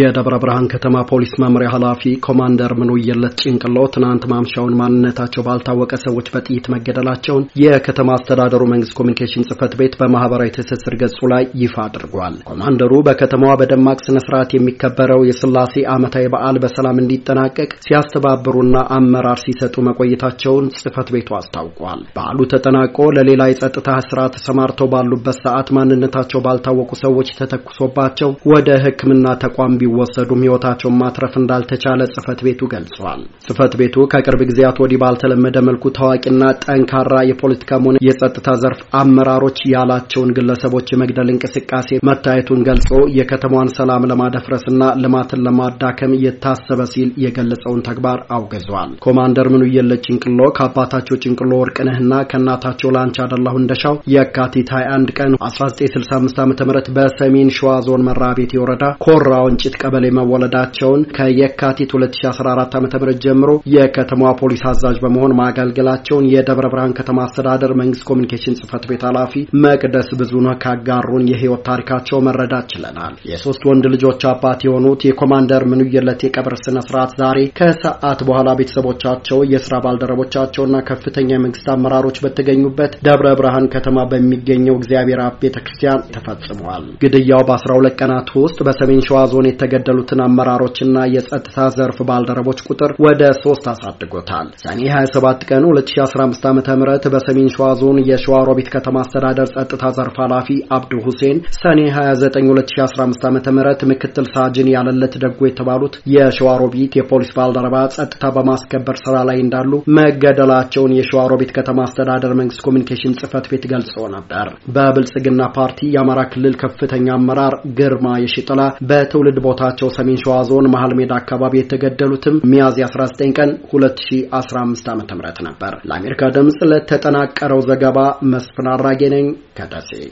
የደብረ ብርሃን ከተማ ፖሊስ መምሪያ ኃላፊ ኮማንደር የለት ጭንቅሎ ትናንት ማምሻውን ማንነታቸው ባልታወቀ ሰዎች በጥይት መገደላቸውን የከተማ አስተዳደሩ መንግስት ኮሚኒኬሽን ጽህፈት ቤት በማህበራዊ ትስስር ገጹ ላይ ይፋ አድርጓል። ኮማንደሩ በከተማዋ በደማቅ ስነ ስርዓት የሚከበረው የስላሴ ዓመታዊ በዓል በሰላም እንዲጠናቀቅ ሲያስተባብሩና አመራር ሲሰጡ መቆየታቸውን ጽህፈት ቤቱ አስታውቋል። በዓሉ ተጠናቆ ለሌላ የጸጥታ ስራ ተሰማርተው ባሉበት ሰዓት ማንነታቸው ባልታወቁ ሰዎች ተተኩሶባቸው ወደ ሕክምና ተቋም ቢወሰዱም ሕይወታቸውን ማትረፍ እንዳልተቻለ ጽህፈት ቤቱ ገልጿል። ጽህፈት ቤቱ ከቅርብ ጊዜያት ወዲህ ባልተለመደ መልኩ ታዋቂና ጠንካራ የፖለቲካም ሆነ የጸጥታ ዘርፍ አመራሮች ያላቸውን ግለሰቦች የመግደል እንቅስቃሴ መታየቱን ገልጾ የከተማዋን ሰላም ለማደፍረስና ልማትን ለማዳከም የታሰበ ሲል የገለጸውን ተግባር አውግዟል። ኮማንደር ምንውየለ ጭንቅሎ ከአባታቸው ጭንቅሎ ወርቅነህና ከእናታቸው ላንች አደላሁ እንደሻው የካቲት 21 ቀን 1965 ዓ ም በሰሜን ሸዋ ዞን መራቤቴ የወረዳ ኮራ ወንጭ በአንዲት ቀበሌ መወለዳቸውን ከየካቲት 2014 ዓ.ም ጀምሮ የከተማዋ ፖሊስ አዛዥ በመሆን ማገልገላቸውን የደብረ ብርሃን ከተማ አስተዳደር መንግስት ኮሚኒኬሽን ጽህፈት ቤት ኃላፊ መቅደስ ብዙነህ ካጋሩን የህይወት ታሪካቸው መረዳት ችለናል። የሶስት ወንድ ልጆች አባት የሆኑት የኮማንደር ምንውየለት የቀብር ስነ ስርዓት ዛሬ ከሰዓት በኋላ ቤተሰቦቻቸው፣ የስራ ባልደረቦቻቸውና ከፍተኛ የመንግስት አመራሮች በተገኙበት ደብረ ብርሃን ከተማ በሚገኘው እግዚአብሔር አብ ቤተክርስቲያን ክርስቲያን ተፈጽሟል። ግድያው በ12 ቀናት ውስጥ በሰሜን ሸዋ ዞን የተገደሉትን አመራሮችና የጸጥታ ዘርፍ ባልደረቦች ቁጥር ወደ ሶስት አሳድጎታል። ሰኔ 27 ቀን 2015 ዓ ም በሰሜን ሸዋ ዞን የሸዋ ሮቢት ከተማ አስተዳደር ጸጥታ ዘርፍ ኃላፊ አብዱ ሁሴን፣ ሰኔ 29 2015 ዓ ም ምክትል ሳጅን ያለለት ደጎ የተባሉት የሸዋ ሮቢት የፖሊስ ባልደረባ ጸጥታ በማስከበር ስራ ላይ እንዳሉ መገደላቸውን የሸዋ ሮቢት ከተማ አስተዳደር መንግስት ኮሚኒኬሽን ጽህፈት ቤት ገልጾ ነበር። በብልጽግና ፓርቲ የአማራ ክልል ከፍተኛ አመራር ግርማ የሽጥላ በትውልድ ቦታቸው ሰሜን ሸዋ ዞን መሀል ሜዳ አካባቢ የተገደሉትም ሚያዝያ 19 ቀን 2015 ዓ ም ነበር። ለአሜሪካ ድምፅ ለተጠናቀረው ዘገባ መስፍን አራጌ ነኝ ከደሴ